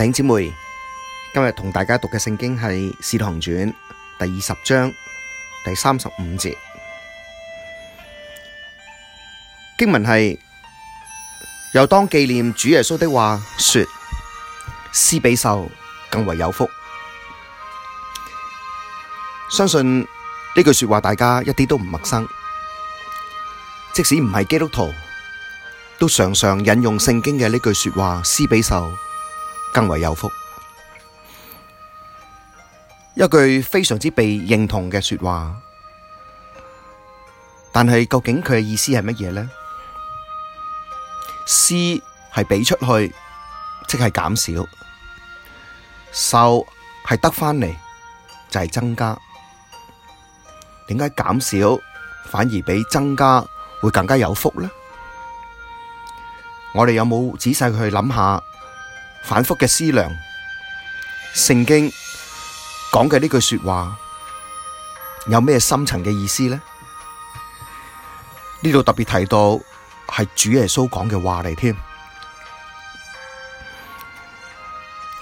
弟兄姐妹，今日同大家讀嘅聖經係《使徒行傳》第二十章第三十五節。經文係：又當紀念主耶穌的話說：施比受更為有福。相信呢句說話，大家一啲都唔陌生，即使唔係基督徒，都常常引用聖經嘅呢句說話：施比受。更為有福，一句非常之被認同嘅說話，但係究竟佢嘅意思係乜嘢呢？施係俾出去，即係減少；受係得返嚟，就係增加。點解減少反而比增加會更加有福呢？我哋有冇仔細去諗下？反覆嘅思量，聖經講嘅呢句說話有咩深層嘅意思呢？呢度特別提到係主耶穌講嘅話嚟添。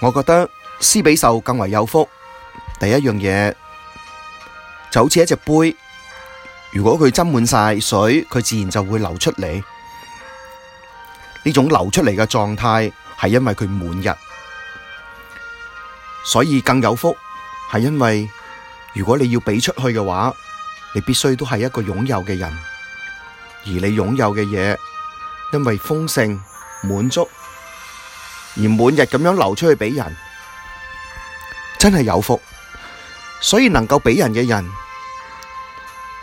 我覺得施比受更為有福。第一樣嘢就好似一隻杯，如果佢斟滿晒水，佢自然就會流出嚟。呢種流出嚟嘅狀態。係因為佢滿溢，所以更有福。係因為如果你要畀出去嘅話，你必須都係一個擁有嘅人，而你擁有嘅嘢，因為豐盛、滿足而滿溢咁樣流出去畀人，真係有福。所以能夠畀人嘅人，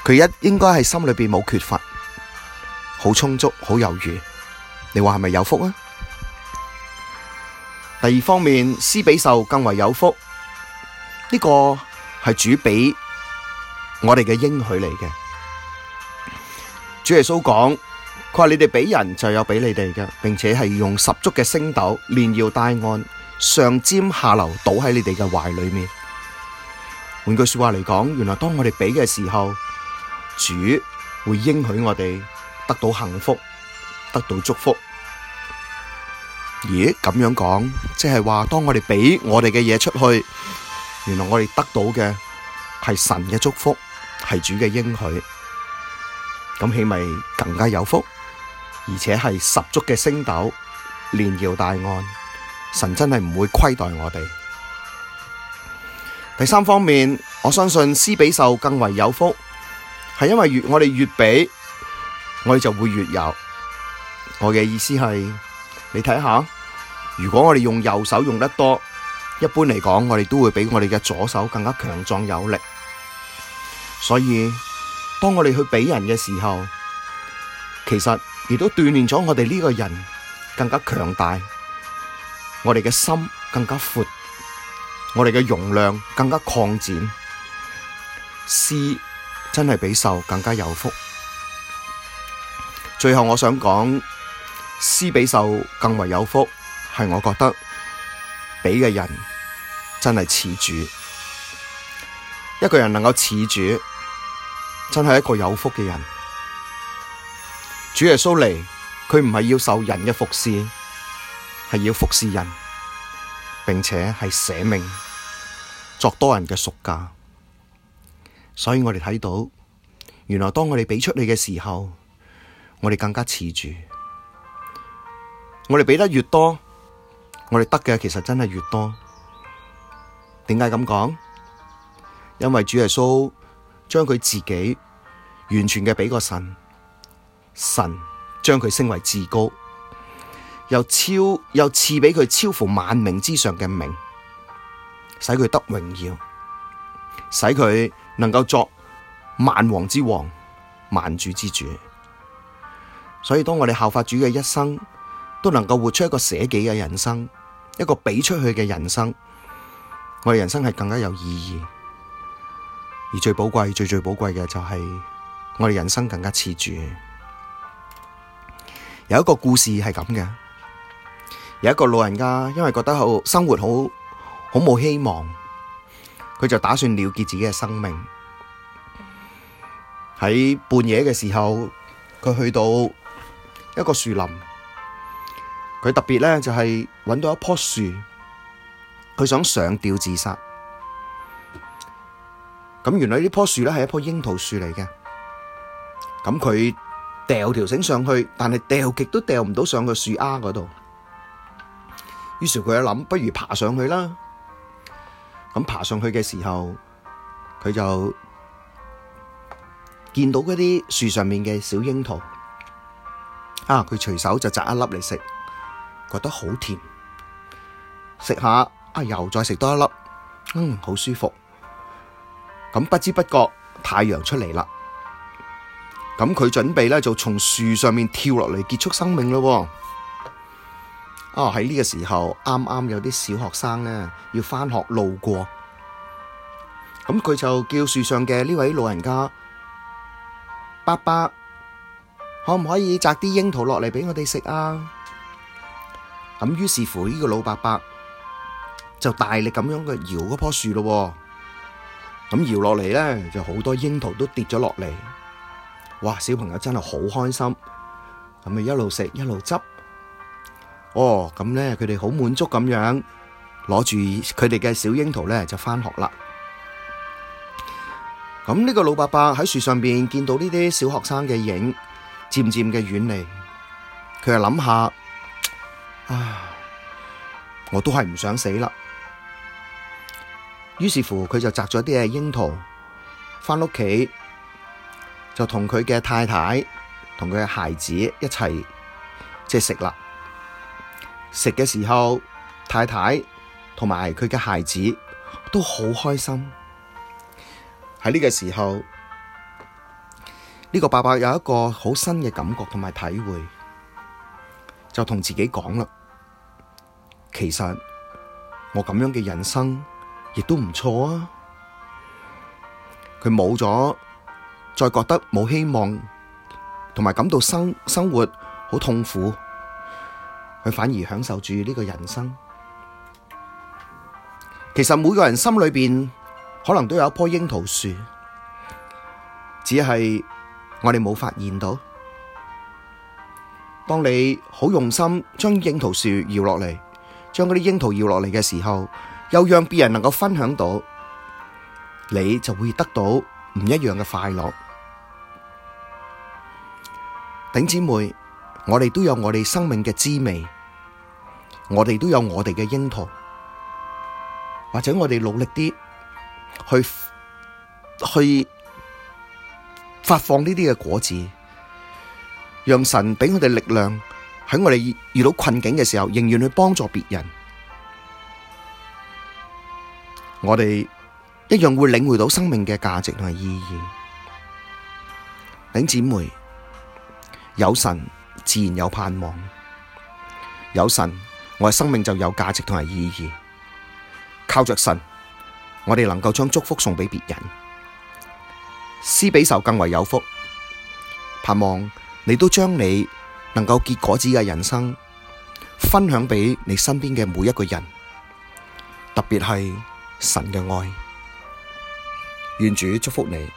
佢一應該係心裡邊冇缺乏，好充足、好有餘。你話係咪有福啊？第二方面，施比受更為有福，呢、這個係主俾我哋嘅應許嚟嘅。主耶穌講，佢話你哋俾人就有俾你哋嘅，並且係用十足嘅升斗，連搖帶按，上尖下流倒喺你哋嘅懷裏面。換句話嚟講，原來當我哋俾嘅時候，主會應許我哋得到幸福，得到祝福。咦咁樣講，即係話當我哋俾我哋嘅嘢出去，原來我哋得到嘅係神嘅祝福，係主嘅應許，咁豈唔係更加有福？而且係十足嘅升斗，連搖帶按，神真係唔會虧待我哋。第三方面，我相信施比受更為有福，係因為越我哋越俾，我哋就會越有。我嘅意思係。你睇下，如果我哋用右手用得多，一般嚟講，我哋都會比我哋嘅左手更加強壯有力。所以，當我哋去俾人嘅時候，其實亦都鍛煉咗我哋呢個人更加強大，我哋嘅心更加闊，我哋嘅容量更加擴展，施真係比受更加有福。最後，我想講。施比受更為有福，係我覺得畀嘅人真係似主。一個人能夠似主，真係一個有福嘅人。主耶穌嚟，佢唔係要受人嘅服侍，係要服侍人，並且係捨命作多人嘅贖價。所以我哋睇到，原來當我哋畀出嚟嘅時候，我哋更加似主。我哋畀得越多，我哋得嘅其實真係越多。點解咁講？因為主耶穌將佢自己完全嘅畀個神，神將佢升為至高，又超又賜畀佢超乎萬名之上嘅名，使佢得榮耀，使佢能夠作萬王之王、萬主之主。所以當我哋效法主嘅一生，都能夠活出一個捨己嘅人生，一個俾出去嘅人生，我哋人生係更加有意義。而最寶貴、最最寶貴嘅就係我哋人生更加持住。有一個故事係咁嘅，有一個老人家因為覺得好生活好好冇希望，佢就打算了結自己嘅生命。喺半夜嘅時候，佢去到一個樹林。佢特別咧，就係揾到一棵樹，佢想上吊自殺。咁原來呢棵樹咧係一棵櫻桃樹嚟嘅。咁佢掉條繩上去，但係掉極都掉唔到上個樹丫嗰度。於是佢一諗，不如爬上去啦。咁爬上去嘅時候，佢就見到嗰啲樹上面嘅小櫻桃啊，佢隨手就摘一粒嚟食。覺得好甜，食下啊，又再食多一粒，嗯，好舒服。咁不知不覺太陽出嚟啦，咁佢準備咧就從樹上面跳落嚟結束生命咯。啊，喺呢個時候啱啱有啲小學生咧要翻學路過，咁佢就叫樹上嘅呢位老人家伯伯，可唔可以摘啲櫻桃落嚟畀我哋食啊？咁於是乎，呢個老伯伯就大力咁樣去搖嗰棵樹咯，咁搖落嚟咧就好多櫻桃都跌咗落嚟。哇！小朋友真係好開心，咁咪一路食一路執。哦，咁咧佢哋好滿足咁樣，攞住佢哋嘅小櫻桃咧就翻學啦。咁呢個老伯伯喺樹上邊見到呢啲小學生嘅影漸漸，漸漸嘅遠離，佢又諗下。我都係唔想死啦，於是乎佢就摘咗啲嘢櫻桃，返屋企就同佢嘅太太、同佢嘅孩子一齊即係食啦。食嘅時候，太太同埋佢嘅孩子都好開心。喺呢個時候，呢個爸爸有一個好新嘅感覺同埋體會，就同自己講啦。其實我咁樣嘅人生亦都唔錯啊！佢冇咗，再覺得冇希望，同埋感到生生活好痛苦，佢反而享受住呢個人生。其實每個人心裏邊可能都有一棵櫻桃樹，只係我哋冇發現到。當你好用心將櫻桃樹搖落嚟，將嗰啲櫻桃搖落嚟嘅時候，又讓別人能夠分享到，你就會得到唔一樣嘅快樂。頂姊妹，我哋都有我哋生命嘅滋味，我哋都有我哋嘅櫻桃，或者我哋努力啲去去發放呢啲嘅果子，讓神俾我哋力量。喺我哋遇到困境嘅時候，仍然去幫助別人，我哋一樣會領會到生命嘅價值同埋意義。頂姊妹有神，自然有盼望；有神，我嘅生命就有價值同埋意義。靠着神，我哋能夠將祝福送畀別人，施比受更為有福。盼望你都將你能夠結果自己嘅人生，分享俾你身邊嘅每一個人，特別係神嘅愛，願主祝福你。